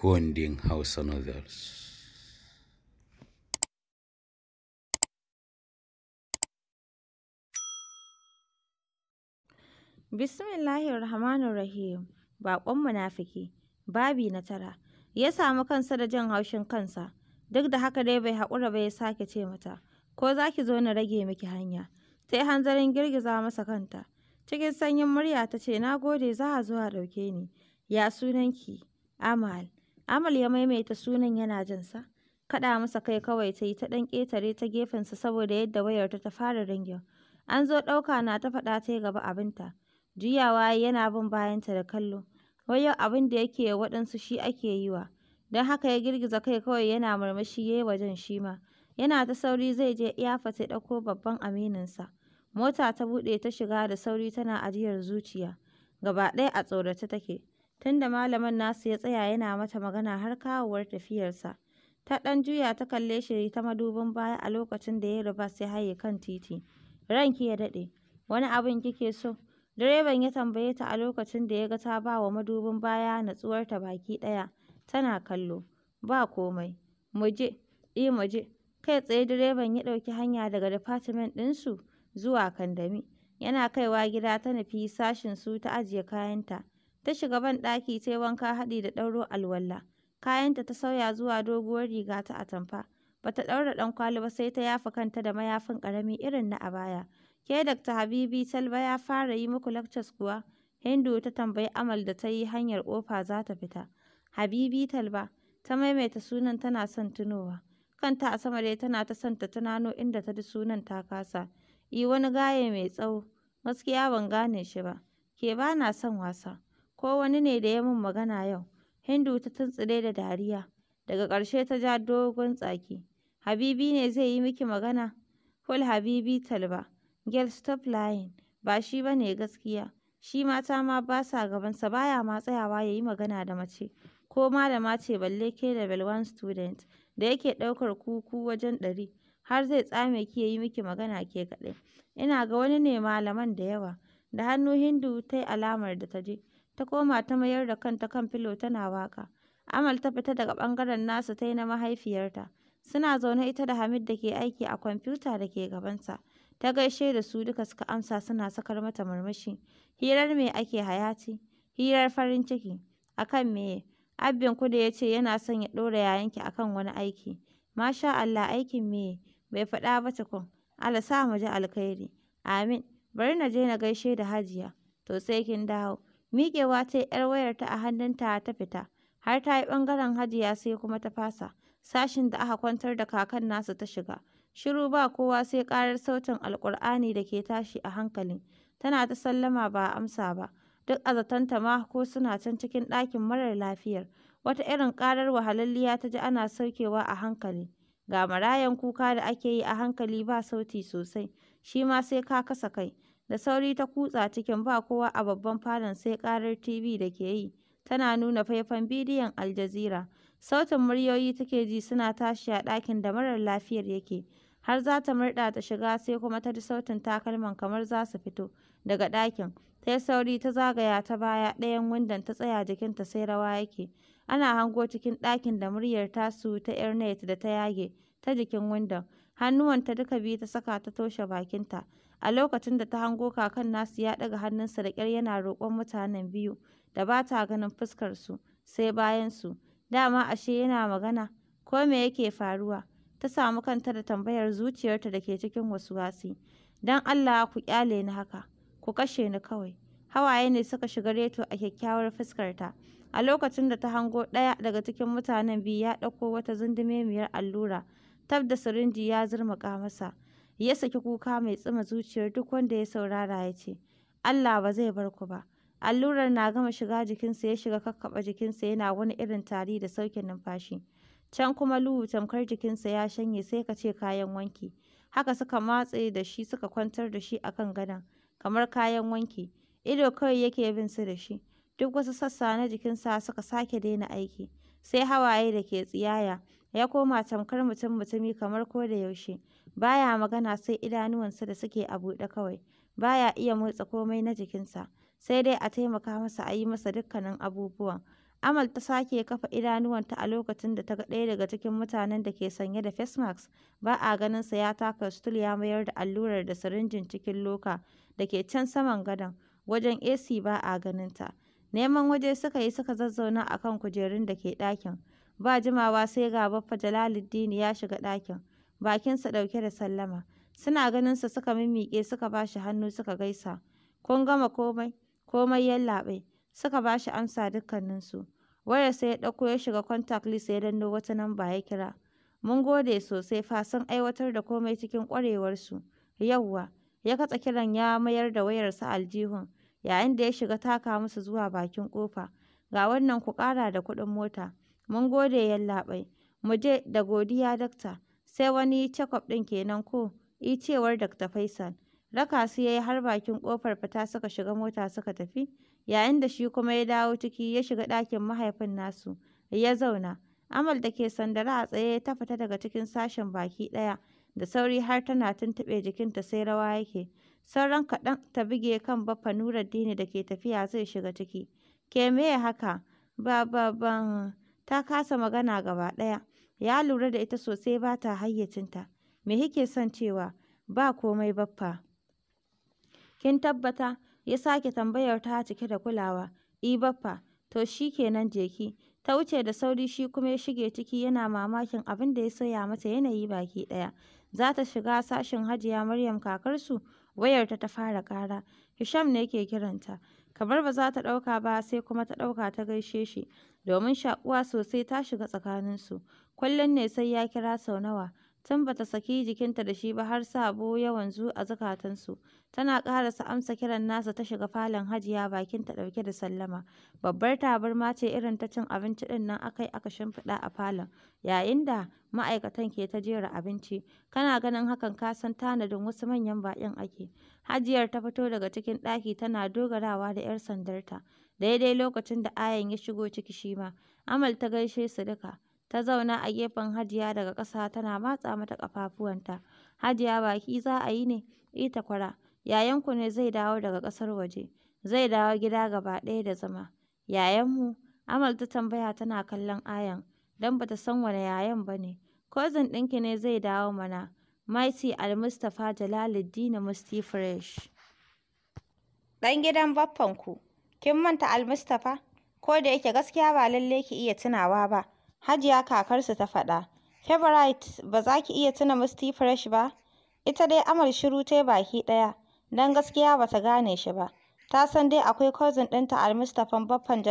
kundin Hausa Novels. Bismillahir Rahmanir Rahim. Baƙon munafiki, babi na tara. Ya samu kansa da jan haushin kansa, duk da haka dai bai haƙura ba ya sake ce mata, ko za ki zo na rage miki hanya. Ta yi hanzarin girgiza masa kanta. Cikin sanyin murya ta ce, na gode za a zo a ɗauke ni. Ya sunanki? Amal. Amal ya maimaita sunan yana jinsa. Kaɗa masa kai kawai ta yi ta ɗan ƙetare ta gefensa saboda yadda wayarta ta fara ringin. An zo ɗauka na ta faɗa ta yi gaba abinta. Juyawa yana bin bayanta da kallo. Wai yau abin da yake wa waɗansu shi ake yi wa. Don haka ya girgiza kai kawai yana murmushi ya yi wajen shi ma. Yana ta sauri zai je iyafa ya ɗauko babban amininsa. Mota ta buɗe ta shiga da sauri tana ajiyar zuciya. Gaba ɗaya a tsorace take. tunda malamin nasu ya tsaya yana mata magana har kawowar tafiyarsa. Ta ɗan juya ta kalle shi ta madubin baya a lokacin da ya ribas ya haye kan titi. Ranki ya daɗe, wani abin kike so? Direban ya tambaye ta a lokacin da ya ga ta ba wa madubin baya natsuwarta baki ɗaya, tana kallo. Ba komai, muje je, eh mu Kai tsaye direban ya ɗauki hanya daga difatimen ɗinsu zuwa Kandami. Yana kaiwa gida ta nufi sashinsu ta ajiye kayanta. Ta shiga banɗaki ta yi wanka haɗi da ɗauro alwala. Kayanta ta sauya zuwa doguwar riga ta atamfa. Ba ta ɗaura kwali ba sai ta yafa kanta da mayafin ƙarami irin na a baya. Ke Dr. Habibi Salba ya fara yi muku lectures kuwa? Hindu ta tambayi Amal da ta yi hanyar ƙofa za ta fita. Habibi Talba ta maimaita sunan tana son tunowa. Kanta a sama dai tana ta son ta tunano inda ta ji sunan ta kasa. E, wani gaye mai tsawo. Gaskiya ban gane shi ba. Ke ba na son wasa. ko wani ne da ya min magana yau?” Hindu ta tuntsire da dariya, daga ƙarshe ta ja dogon tsaki. “Habibi ne zai yi miki magana? Ful Habibi Talba, girl stop lying, ba shi ba ne gaskiya, shi mata ma ba sa gabansa ba ya ma tsayawa ya yi magana da mace, ko malama ce balle ke level 1 student da yake ɗaukar kuku wajen ɗari, har zai tsame ki ya yi miki magana ke kaɗai. Ina ga wani ne malaman da yawa.” Da hannu Hindu ta yi alamar da ta je. ta koma ta mayar da kanta kan filo tana waƙa. Amal ta fita daga ɓangaren nasa ta yi na mahaifiyarta. Suna zaune ita da Hamid da ke aiki a kwamfuta da ke gabansa. Ta gaishe da su duka suka amsa suna sakar mata murmushi. Hirar me ake hayati? Hirar farin ciki. Akan meye? Abin ku da ya ce yana son ya ɗora yayanki akan wani aiki. Masha Allah aikin meye? Bai faɗa ba tukun. Allah sa mu ji alkhairi. Amin. Bari na je na gaishe da Hajiya. To sai kin dawo. Miƙewa ce ‘yar wayarta a hannunta ta fita, har ta yi ɓangaren Hajiya sai kuma ta fasa, sashin da aka kwantar da kakan nasu ta shiga. Shiru ba kowa sai ƙarar sautin Alƙur'ani da ke tashi a hankali. Tana ta sallama ba a amsa ba. Duk a zatonta ma ko suna can cikin ɗakin marar lafiyar. Wata irin ƙarar wahalalliya ta ji ana saukewa a hankali. Ga marayan kuka da ake yi a hankali ba sauti sosai, shi ma sai ka kasa kai. Da sauri ta kutsa cikin, ba kowa a babban falon sai karar TV da ke yi, tana nuna faifan bidiyon Al Jazeera. Sautin muryoyi take ji suna tashi a ɗakin da marar lafiyar yake. Har za ta murɗa ta shiga sai kuma ta ji sautin takalman kamar za su fito daga ɗakin. Ta sauri ta zagaya ta baya ɗayan windon ta tsaya jikinta sai rawa yake. Ana hango cikin ɗakin da muryar tasu ta Airnet da ta yage ta jikin windon. Hannuwanta duka biyu ta saka ta toshe bakinta. a lokacin da ta hango kakan nasu ya ɗaga hannunsa da ƙyar yana roƙon mutanen biyu da ba ta ganin fuskarsu sai bayansu dama ashe yana magana ko me yake faruwa ta samu kanta da tambayar zuciyarta da ke cikin wasu wasi don allah ku ƙyale ni haka ku kashe ni kawai hawaye ne suka shiga reto a kyakkyawar fuskarta a lokacin da ta hango ɗaya daga cikin mutanen biyu ya ɗauko wata zundumemiyar allura tab da sirinji ya zurmuƙa masa ya saki kuka mai tsima zuciyar duk wanda ya saurara ya ce Allah ba zai bar ku ba allurar na gama shiga jikinsa ya shiga kakkaɓa jikinsa yana wani irin tari da saukin numfashi can kuma luhu tamkar jikinsa ya shanye sai ka ce kayan wanki haka suka matse da shi suka kwantar da shi akan gadon kamar kayan wanki ido kawai yake bin su da shi duk wasu sassa na jikinsa suka sake daina aiki sai hawaye da ke tsiyaya ya koma tamkar mutum mutumi kamar ko da yaushe Ba ya magana sai idanuwansa da suke a buɗe kawai, ba ya iya motsa komai na jikinsa, sai dai a taimaka masa a yi masa dukkanin abubuwan. Amal ta sake kafa idanuwanta a lokacin da ta ga ɗaya daga cikin mutanen da ke sanye da face mask ba a ganinsa ya taka stool ya mayar da allurar da sirinjin cikin loka da ke can saman gadon, wajen AC ba a ganinta. Neman waje suka yi suka zazzauna a kan kujerun da ke ɗakin. Ba jimawa sai ga Baffa Jalaluddin ya shiga ɗakin. bakinsa ɗauke da sallama suna ganinsa suka mimmiƙe suka ba shi hannu suka gaisa kun gama komai komai yallaɓe suka ba shi amsa dukkaninsu wayarsa ya ɗauko ya shiga contact list ya danno wata namba ya kira mun gode sosai fa sun aiwatar da komai cikin ƙwarewarsu yawwa ya katsa kiran ya mayar da wayarsa aljihun yayin da ya shiga taka musu zuwa bakin ƙofa ga wannan ku ƙara da kuɗin mota mun gode yallaɓai mu je da godiya dakta sai wani check-up ɗin kenan ko? i eh, cewar Dr. Faisal. Raka su ya yi har bakin ƙofar fita suka shiga mota suka tafi, yayin da shi kuma ya dawo ciki ya shiga ɗakin mahaifin nasu, ya zauna. Amal da ke sandara a tsaye ta fita daga cikin sashen baki ɗaya, da sauri har tana tuntuɓe jikinta sai rawa yake. Sauran kaɗan ta buge kan baffa Nuruddin da ke tafiya zai shiga ciki. Ke meye haka? Ba ba ban ta kasa magana gaba ɗaya. Ya lura da ita sosai ba ta hayyacinta. Me kike son cewa? Ba komai baffa. Kin tabbata? Ya sake tambayar ta cike da kulawa. I e, baffa. To shi kenan je Ta wuce da sauri shi kuma ya shige ciki yana mamakin abin da ya sauya mata yanayi baki ɗaya. Za ta shiga sashin Hajiya Maryam kakarsu wayarta ta fara ƙara. Hisham ne ke kiranta. Kamar ba za ta ɗauka ba sai kuma ta ɗauka ta gaishe shi, domin shaƙuwa sosai ta shiga tsakaninsu. Kullum ne sai ya kira sau nawa. tun bata saki jikinta da shi ba har sabo ya wanzu a zukatansu tana ƙarasa amsa kiran nasa ta shiga falon hajiya bakinta ɗauke da sallama babbar tabarma ce irin ta cin abinci ɗin nan akai aka shimfiɗa a falon yayin da ma'aikatan ke ta jera abinci kana ganin hakan ka san tanadin wasu manyan baƙin ake hajiyar ta fito daga cikin ɗaki tana dogarawa da 'yar sandarta daidai lokacin da ayan ya shigo ciki shi ma amal ta gaishe su duka Ta zauna a gefen Hajiya daga ƙasa tana matsa mata ƙafafuwanta. Hajiya baki za a yi ne? Ita eh, kwara. yayanku ne zai dawo daga ƙasar waje. Zai dawo gida gaba ɗaya da zama. Yayanmu? Amal ta tambaya tana kallon Ayan, don ba ta san wane yayan ba ne. zan ɗinki ne zai dawo mana. Mighty Almustapha Jalaluddin Musti Fresh. Ɗan gidan baffanku, kin manta Almustapha? Ko da yake gaskiya ba lallai ki iya tunawa ba. Hajiya kakarsu ta faɗa. Favourite, ba za ki iya tuna Musty Fresh ba? Ita dai Amal shiru ta baki ɗaya, don gaskiya ba ta gane shi ba. Ta san dai akwai cousin ɗinta Almustapha Baffan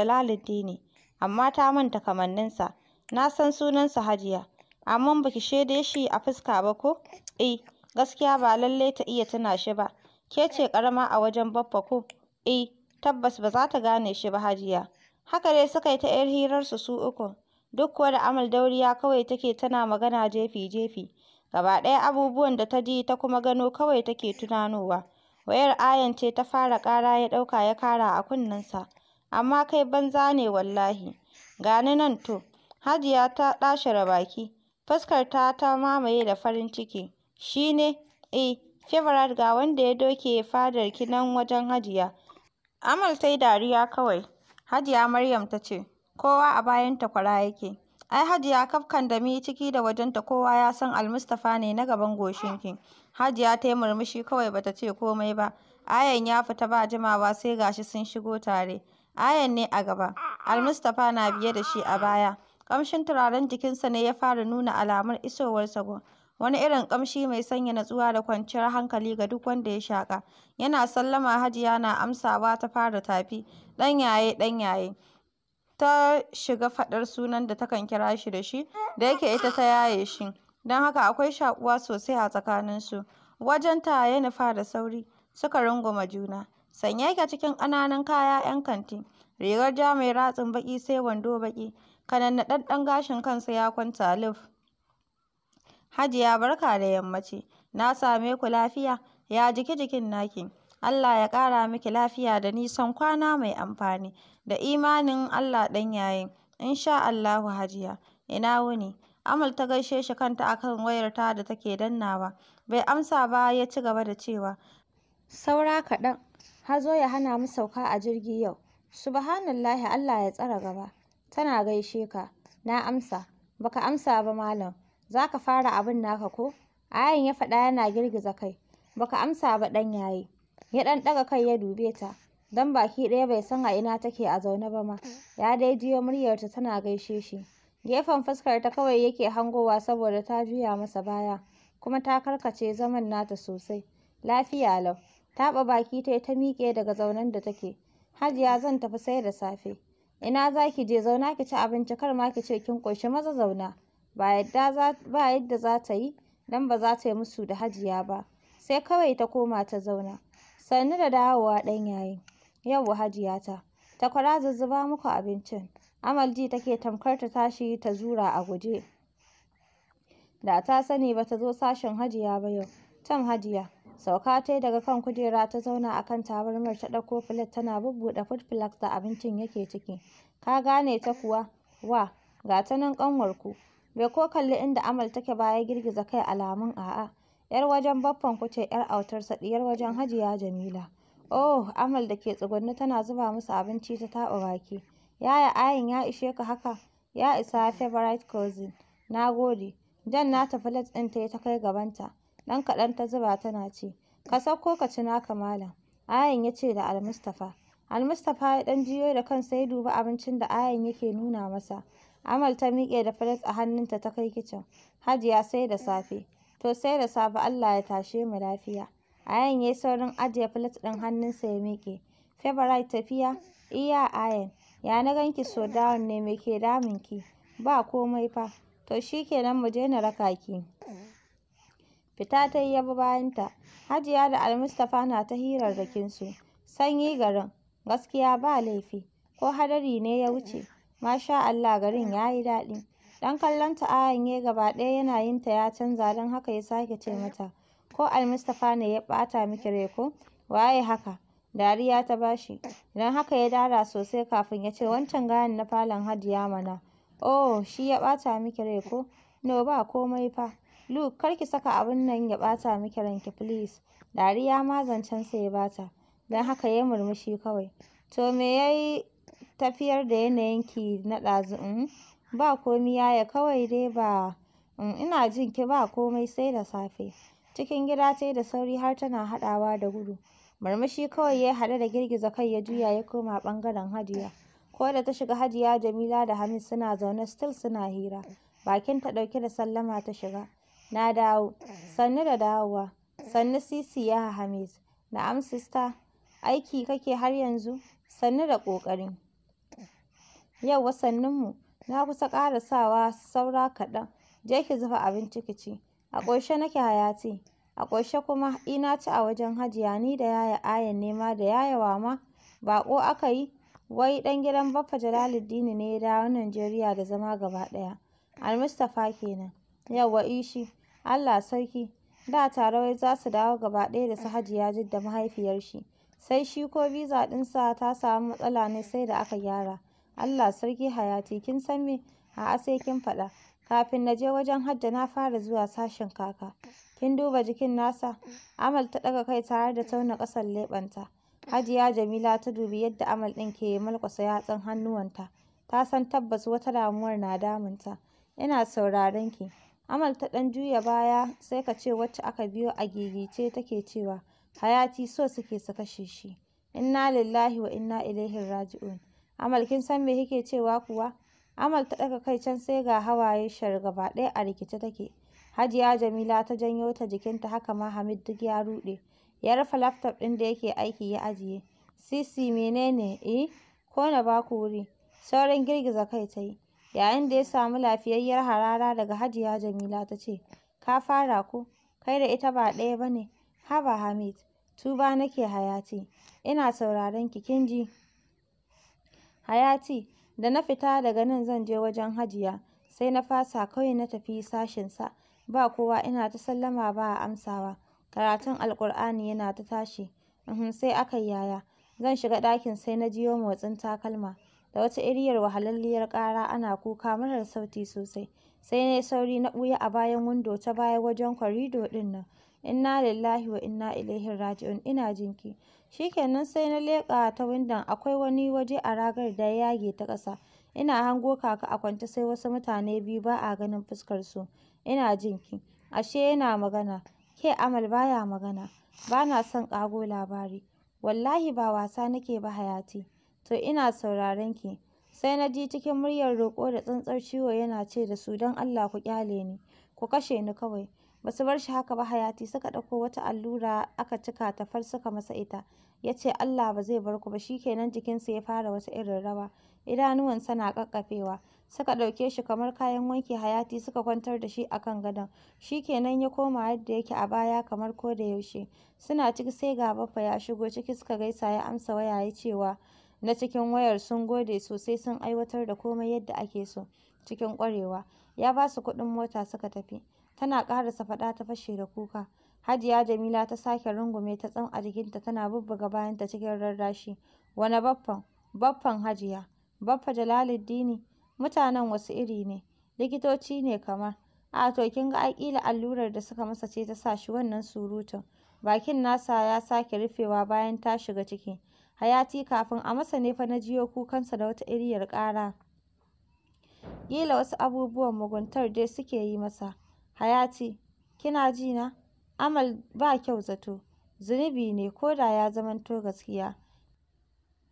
ne, amma ta manta kamanninsa. Na san sunansa Hajiya, amma ba ki shaide shi a fuska ba ko? Eh, gaskiya ba lallai ta iya tuna shi ba. Ke ce ƙarama a wajen Baffa ko? Eh, tabbas ba za ta gane shi ba Hajiya. Haka dai suka yi ta ‘yar hirarsu su uku. duk kuwa da Amal dauriya kawai take tana magana jefi-jefi. Gaba ɗaya abubuwan da ta ji ta kuma gano kawai take tunanowa. Wayar Ayan ce ta fara ƙara ya ɗauka ya kara a kunnensa. Amma kai banza ne wallahi. gani nan to. Hajiya ta ɗashara baki. fuskar ta mamaye da farin ciki. Shi ne? Eh, Favourite ga wanda ya doke fadarki nan wajen Hajiya. Amal ta yi dariya kawai. Hajiya Maryam ta ce. kowa a bayan takwara yake. Ai Hajiya kafkan da yi ciki da wajenta kowa ya san Almustapha ne na gaban goshinki. Hajiya ta yi murmushi kawai bata ce komai ba. Ayan ya fita ba jimawa sai ga shi sun shigo tare. Ayan ne a gaba, almustafa na biye da shi a baya. Ƙamshin turaren jikinsa ne ya fara nuna alamar isowarsa gun. Wani irin ƙamshi mai sanya natsuwa da kwanciyar hankali ga duk wanda ya shaƙa. Yana sallama Hajiya na amsawa ta fara tafi, ɗan yaye ɗan yaye. ta shiga faɗar sunan da takan kira shi da shi, da yake ita ta yaye shi, don haka akwai shaƙuwa sosai a tsakaninsu. Wajen ya nufa da sauri, suka runguma juna. Sanye yake cikin ƙananan kaya 'yan kanti, rigar ja mai ratsin baƙi sai wando baƙi, ɗanɗan gashin kansa ya kwanta luf. Hajiya barka da yammaci, na same ku lafiya, ya jiki jikin naki? Allah ya ƙara miki lafiya da nisan kwana mai amfani, da imanin Allah ɗan in sha Allahu Hajiya, ina wuni? Amal ta gaishe shi kanta a kan wayarta da take dannawa, bai amsa ba ya ci gaba da cewa, saura kaɗan, hazo ya hana mu sauka a jirgi yau, subhanallahi Allah ya tsara gaba, tana gaishe ka, na amsa, baka amsa ba malam, za ka fara abin naka ko? Ayan ya faɗa yana girgiza kai, baka amsa ba ɗan yayi. ya ɗan ɗaga kai ya dube ta don baki ɗaya bai san a ina take a zaune ba ma ya dai jiyo muryarta tana gaishe shi gefen fuskar ta kawai yake hangowa saboda ta juya masa baya kuma ta karkace zaman nata sosai lafiya lau taɓa baki ta ta miƙe daga zaunen da take hajiya zan tafi sai da safe ina za ki je zauna ki ci abinci kar ma ki ce kin ƙoshi maza zauna ba yadda za ta yi don ba za ta yi musu da hajiya ba sai kawai ta koma ta zauna sannu da dawowa ɗan yayi yauwa hajiya ta takwara zuzzuba muku abincin amal ji take tamkar ta tashi ta zura a guje da ta sani ba ta zo sashen hajiya ba yau tam hajiya sauka ta yi daga kan kujera ta zauna a kan tabarmar ta ɗauko filet tana bubbuɗe food flask da abincin yake ciki ka gane ta kuwa wa ga ta nan ƙanwarku bai ko kalli inda amal take ba ya girgiza kai alamun a'a 'yar wajen baffan ku ce 'yar autarsa ɗiyar wajen hajiya jamila oh amal da ke tsugunne tana zuba musu abinci ta taɓa baki yaya ayin ya ishe ka haka ya isa favorite cousin na gode jan nata plate ɗin ta yi ta kai gabanta ɗan kaɗan ta zuba tana ce. ka sauko ka ci naka malam ayin ya ce da almustapha almustapha ya ɗan jiyo da kansa ya duba abincin da ayin yake nuna masa amal ta miƙe da plate a hannunta ta kai kicin hajiya sai da safe to sai da safe Allah ya tashe mu lafiya a ya yi saurin ajiye plat ɗin hannunsa ya miƙe Favourite tafiya iya Ayan ya na ganki so down ne me ke damun ki ba komai fa to shi shikenan mu je na raka ki fita ta yi bi bayanta Hajiya da Almustapha na ta hirar su. sanyi garin gaskiya ba laifi ko hadari ne ya wuce masha Allah garin ya yi daɗi Ɗan kallonta Ayan ya gaba ɗaya yana ta ya canza don haka ya sake ce mata, ko Almustapha ne ya ɓata miki rai ko? Waye haka? Dariya ta bashi, dan don haka ya dara sosai kafin ya ce wancan gayan na falon Hadiya mana. Oh, shi ya ɓata miki rai ko? No ba komai fa. Luke, kar ki saka abin nan ya ɓata miki ranki please. Dariya ma zancen sa ya bata, don haka ya murmushi kawai. To me yayi tafiyar da yanayin yanayinki na ɗazu? Mm? Ba komi yaya kawai dai ba mm, ina jin ki ba komai sai da safe. Cikin gida ta da sauri har tana haɗawa da gudu. Murmushi kawai ya yi haɗe da girgiza kai ya juya ya koma ɓangaren Hajiya. Ko da ta shiga Hajiya Jamila da Hamis suna zaune still suna hira. bakin ta ɗauke da sallama ta shiga. Na dawo. Sannu da dawowa. Sannu sisi ya Hamis. Na'am sista. Aiki kake har yanzu? Sannu da ƙoƙari. Yauwa sannunmu. na kusa ƙarasawa saura kaɗan je ki zufa abinci ki ci a ƙoshe nake hayati a ƙoshe kuma ina ci a wajen hajiya ni da yaya ayan nema da yaya wama baƙo aka yi wai ɗan gidan baffa jalaluddini ne ya dawo najeriya da zama gaba ɗaya almustapha kenan yawwa ishi allah sarki da tare wai za su dawo gaba ɗaya da su hajiya da mahaifiyar shi sai shi ko biza ɗinsa ta samu matsala ne sai da aka gyara Allah sarki hayati kin san me a'a sai kin faɗa kafin na je wajen hajja na fara zuwa sashin kaka kin duba jikin nasa amal ta ɗaga kai tare da tauna ƙasar leɓenta hajiya jamila ta dubi yadda amal ɗin ke mulkusa yatsan hannuwanta ta san tabbas wata damuwar na damunta ina sauraron ki amal ta ɗan juya baya sai ka ce wacce aka biyo a gigice take cewa hayati so suke su kashe shi inna lillahi wa inna ilaihi raji'un Amal kin san me kike cewa kuwa? Amal ta ɗaga kai can sai ga hawaye shar gaba ɗaya a rikice take. Hajiya Jamila ta janyo ta jikinta haka ma Hamid duk ya ruɗe. Ya rufe laptop ɗin da yake aiki ya ajiye. Sisi menene eh ko na baku wuri? Saurin girgiza kai ta yi. Yayin da ya samu lafiyayyar harara daga Hajiya Jamila ta ce, Ka fara ko? Kai da ita ba ɗaya ba ne. Haba Hamid, tuba nake hayati. Ina sauraron ki kin ji. Hayati, da na fita daga nan zan je wajen Hajiya, sai na fasa kawai na tafi sashensa, ba kowa ina ta sallama ba a amsawa, karatun Alƙur'ani yana ta tashi, uhum sai akai yaya, zan shiga ɗakin sai na jiyo motsin takalma, da wata iriyar wahalalliyar ƙara ana kuka marar sauti sosai, sai na yi sauri na ɓuya a bayan windo ta baya wajen kwarido ɗin nan. Inna lillahi wa inna ilaihi raji'un ina jinki. Shikenan sai na leƙa ta windon akwai wani waje a ragar da yage ta ƙasa. Ina hango kaka a kwance sai wasu mutane biyu ba a ganin fuskar su. Ina jinki. Ashe yana magana. Ke Amal baya magana. Bana son ƙago labari. Wallahi ba wasa nake ba Hayati. To ina sauraron ki. Sai na ji cikin muryar roƙo da tsantsar ciwo yana ce da su don Allah ku kyale ni. Ku kashe ni kawai. basu bar shi haka ba hayati suka ɗauko wata allura aka cika ta far suka masa ita ya ce Allah ba zai bar ku ba shikenan jikinsa ya fara wata irin rawa idanuwansa na ƙaƙƙafewa suka ɗauke shi kamar kayan wanki hayati suka kwantar da shi a kan gadon shikenan ya koma yadda yake a baya kamar ko da yaushe suna ciki sai ga baffa ya shigo ciki suka gaisa ya amsa waya ya cewa na cikin wayar sun gode sosai sun aiwatar da komai yadda ake so cikin ƙwarewa ya ba su kuɗin mota suka tafi Tana ƙarasa faɗa ta fashe da kuka. Hajiya Jamila ta sake rungume ta tsan a jikinta tana bubbuga bayanta cikin rarrashi. Wane baffan? Baffan Hajiya. Baffa Jalaluddini. Mutanen wasu iri ne? Likitoci ne kamar. A to kin ga aƙila allurar da suka masa ce ta sa shi wannan surutun. Bakin nasa ya sake rufewa bayan ta shiga ciki. Hayati kafin a masa ne fa na jiyo kukansa da wata iriyar ƙara. Ƙila wasu abubuwan muguntar dai suke yi masa. Hayati, kina ji na? Amal ba kyau zato, zunubi ne ko da ya zamanto gaskiya.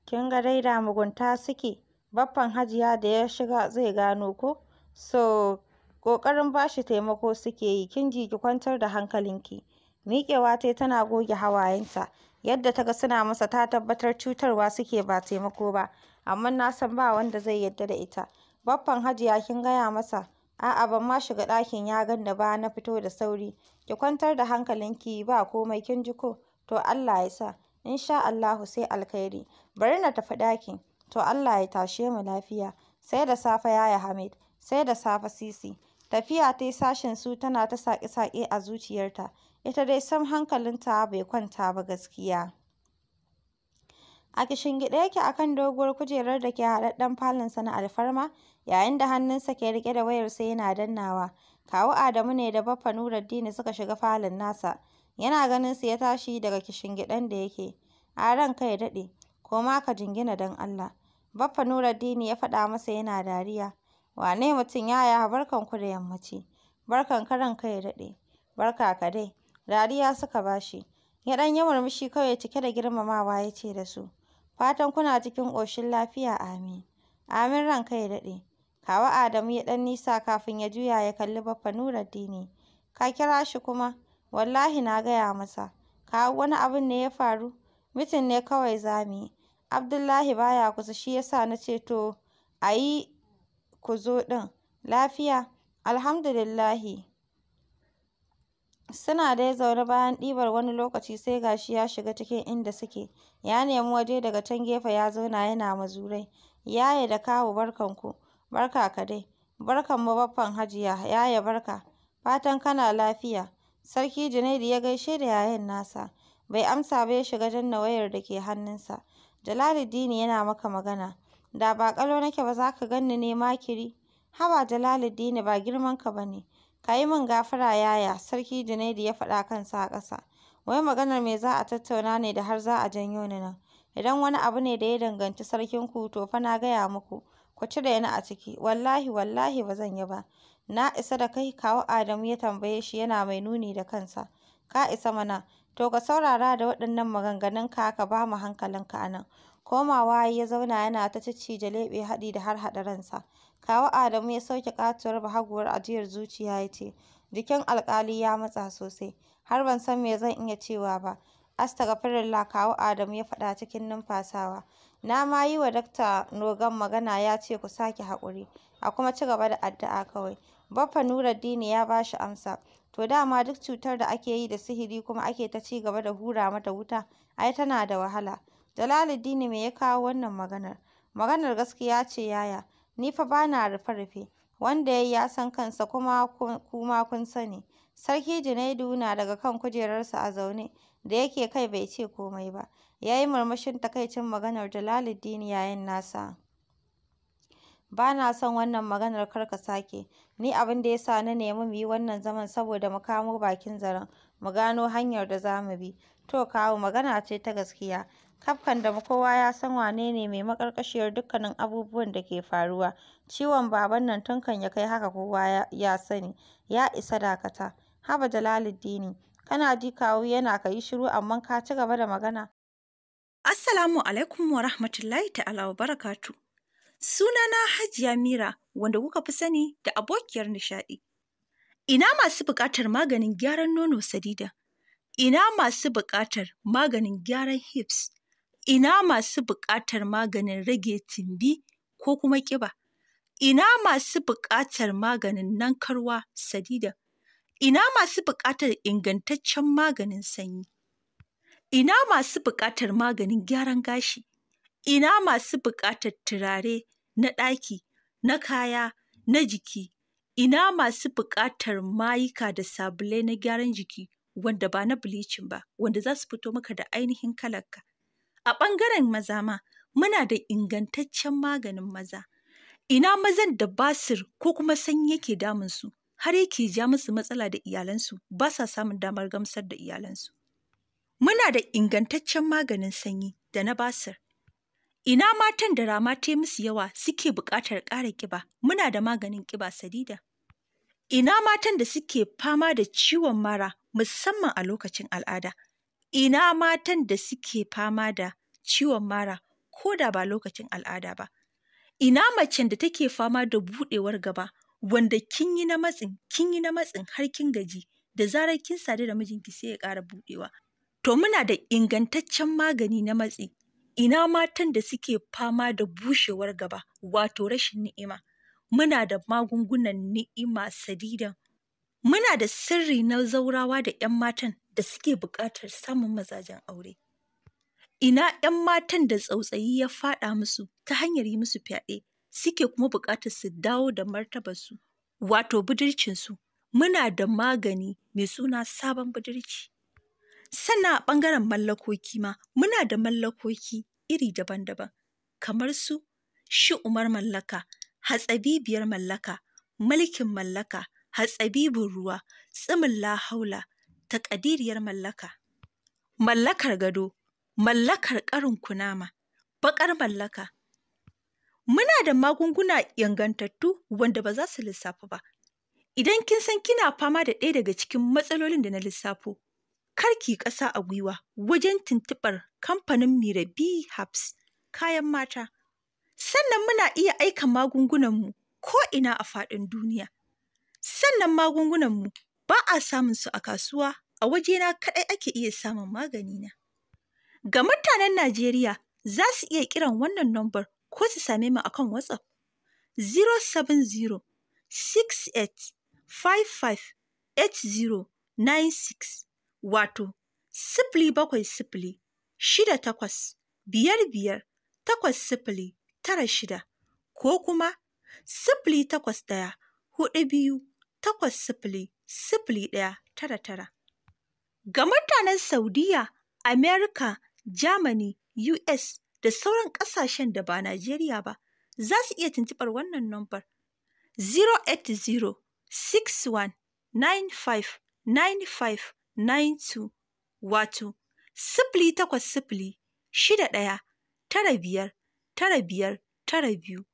Kin ga dai da mugunta suke, baffan Hajiya da ya shiga zai gano ko? So, ƙoƙarin ba shi taimako suke yi, kin ji ki kwantar da hankalinki. Miƙewa tai tana goge hawayenta, yadda ta ga suna masa ta tabbatar cutarwa suke ba taimako ba, amma na san ba wanda zai yadda da ita. Baffan Hajiya kin gaya masa, A'a ban ma shiga ɗakin ya gan ba na fito da sauri. Ki kwantar da hankalinki ba komai kin ji ko? To Allah ya sa. In sha Allahu sai alkhairi. Bari na tafi ɗakin. To Allah ya tashe mu lafiya. Sai da safe Yaya Hamid. Sai da safe Sisi. Tafiya ta sashin su tana ta saƙe-saƙe a zuciyarta. Ita dai sam hankalinta bai kwanta ba gaskiya. A kishingiɗe yake a kan doguwar kujerar da ke haɗaɗɗen falonsa na alfarma, yayin da hannunsa ke rike da wayarsa yana dannawa. Kawu Adamu ne da Baffa dini suka shiga falon nasa. Yana ganin su ya tashi daga kishingiɗen da yake. A ran ya daɗe, ma ka jingina don Allah. Baffa dini ya faɗa masa yana dariya. Wane mutum yaya barkanku da yammaci. Barkan ka kai ya daɗe. Barka ka dai. Dariya suka ba shi. Ya ɗan yi murmushi kawai cike da girmamawa ya ce da su. Fatan kuna cikin ƙoshin lafiya, amin. Amin ranka ya daɗe. Kawa Adamu ya ɗan nisa kafin ya juya ya kalli Baffa Nuruddin. Ka kira shi kuma? Wallahi na gaya masa. Kawu wani abin ne ya faru? Mitin ne kawai za Abdullahi baya kusa shi ya sa na ce to a yi ku zo ɗin. Lafiya? Alhamdulillahi. Suna dai zaune bayan ɗibar wani lokaci sai gashi ya shiga cikin inda suke, ya nemi waje daga can gefe ya zauna yana mazurai. Yaya da kawu barkanku, barka ka dai, barkan mu baffan hajiya, yaya barka, fatan kana lafiya. Sarki Junaidu ya gaishe da yayan nasa, bai amsa ba ya shiga janna wayar da ke hannunsa. Jalaluddini yana maka magana, da ba ƙalau nake ba za ka gan ni ne makiri? Haba Jalaluddini ba girmanka ba ne, Ka yi min gafara yaya, Sarki Junaidu ya faɗa kansa a ƙasa. Wai maganar me za a tattauna ne da har za a janyo ni nan? Idan wani abu ne da ya danganci sarkinku, to fa na gaya muku, ku cire ni a ciki. Wallahi, wallahi ba zan yi ba. Na isa da kai, kawo Adamu ya tambaye shi yana mai nuni da kansa. Ka isa mana, to ka saurara da waɗannan maganganunka ka ba mu hankalinka a nan. Komawa ya zauna yana ta cicci leɓe haɗi da har haɗa ransa. Kawu Adamu ya sauke ƙatuwar bahaguwar ajiyar zuciya ya ce, jikin alƙali ya matsa sosai, har ban san me zan iya cewa ba. Astagfirullah kawu Adamu ya faɗa cikin numfasawa. Na ma yi wa Dakta Nogan magana ya ce ku sake haƙuri, a kuma ci gaba da addu'a kawai. Baffa Nuruddin ya ba shi amsa. To dama duk cutar da ake yi da sihiri kuma ake ta ci gaba da hura mata wuta, ai tana da wahala. Jalaluddin me ya kawo wannan maganar? Maganar gaskiya ce yaya, Ni fa ba na rufe-rufe, wanda ya yi ya san kansa kuma ku kun sani. Sarki Junaidu na daga kan kujerarsa a zaune, da yake kai bai ce komai ba, ya yi murmushin takaicin maganar Jalaluddin yayin nasa. Ba na son wannan maganar kar ka sake, ni abin da ya sa na nemi mu yi wannan zaman saboda mu kamo bakin zaren, mu gano hanyar da za mu bi. To kawo magana ce ta gaskiya, Kafkan da kowa ya san wane ne mai maƙarƙashiyar dukkanin abubuwan da ke faruwa. Ciwon baban nan tun kan ya kai haka kowa ya sani. Ya isa dakata. Haba Jalaluddini, kana ji kawu yana ka yi shiru amma ka ci gaba da magana. Assalamu alaikum wa rahmatullahi ta'ala wa barakatu. Sunana Hajiya Mira wanda kuka fi sani da abokiyar nishaɗi. Ina masu buƙatar maganin gyaran nono sadida. Ina masu buƙatar maganin gyaran hips. ina masu buƙatar maganin rage tumbi ko kuma ƙiba, ina masu buƙatar maganin nankarwa sadida, ina masu buƙatar ingantaccen maganin sanyi, ina masu buƙatar maganin gyaran gashi, ina masu buƙatar turare na ɗaki, na kaya, na jiki, ina masu buƙatar mayuka da sabulai na gyaran jiki wanda ba na bilicin ba, wanda za su fito maka da ainihin kalarka. A ɓangaren maza ma, muna da ingantaccen maganin maza. Ina mazan da basir ko kuma sanyi yake damunsu, har yake ja musu matsala da iyalansu, ba sa samun damar gamsar da iyalansu. Muna da ingantaccen maganin sanyi da na basir. Ina matan da rama ta musu yawa suke buƙatar ƙara ƙiba, muna da maganin ƙiba sadida. Ina matan da suke fama da ciwon mara musamman a lokacin al'ada, Ina matan da suke fama da ciwon mara ko da ba lokacin al'ada ba? Ina macen da take fama da buɗewar gaba wanda kin yi na matsin, kin yi na matsin har kin gaji da zarar kin sadu da mijinki sai ya ƙara buɗewa. To muna da ingantaccen magani na matsi. Ina matan da suke fama da bushewar gaba wato rashin ni'ima. Muna da magungunan ni'ima sadidan. Muna da sirri na zaurawa da ‘yan matan da suke buƙatar samun mazajen aure. Ina ‘yan matan da tsautsayi ya faɗa musu ta hanyar yi musu fyaɗe suke kuma buƙatar su dawo da martabarsu, wato budurcinsu, muna da magani mai suna sabon budurci. Sannan a ɓangaren mallakoki ma, muna da mallakoki iri daban-daban, kamar su shi umar mallaka, hatsabibiyar mallaka, mulkin mallaka, hatsabibin ruwa, tsimin lahaula, Ta ƙadiriyar mallaka, mallakar gado, mallakar ƙarin kunama, baƙar mallaka. Muna da magunguna yangantattu wanda ba za su lissafu ba. Idan kin san kina fama da ɗaya daga cikin matsalolin da na lissafo, kar ƙasa a gwiwa wajen tuntuɓar kamfanin Mirabi Habs kayan mata. Sannan muna iya aika magungunanmu ko ina a faɗin duniya. Sannan magungunanmu ba a samun su a kasuwa, a wajena kaɗai ake iya samun maganina. Ga mutanen Najeriya za su iya kiran wannan nombar ko su same mu akan WhatsApp 070 68 55 8096 wato sifili bakwai sifili shida takwas biyar biyar takwas sifili tara shida ko kuma sifili takwas ɗaya hudu biyu takwas sifili sifili ɗaya tara tara. Ga mutanen Saudiya, Amerika, Germany, US da sauran ƙasashen da ba Najeriya ba, za su iya tuntuɓar wannan nombar 080 61 95 95 92 wato sifili takwas sifili shida ɗaya tara biyar tara biyar tara biyu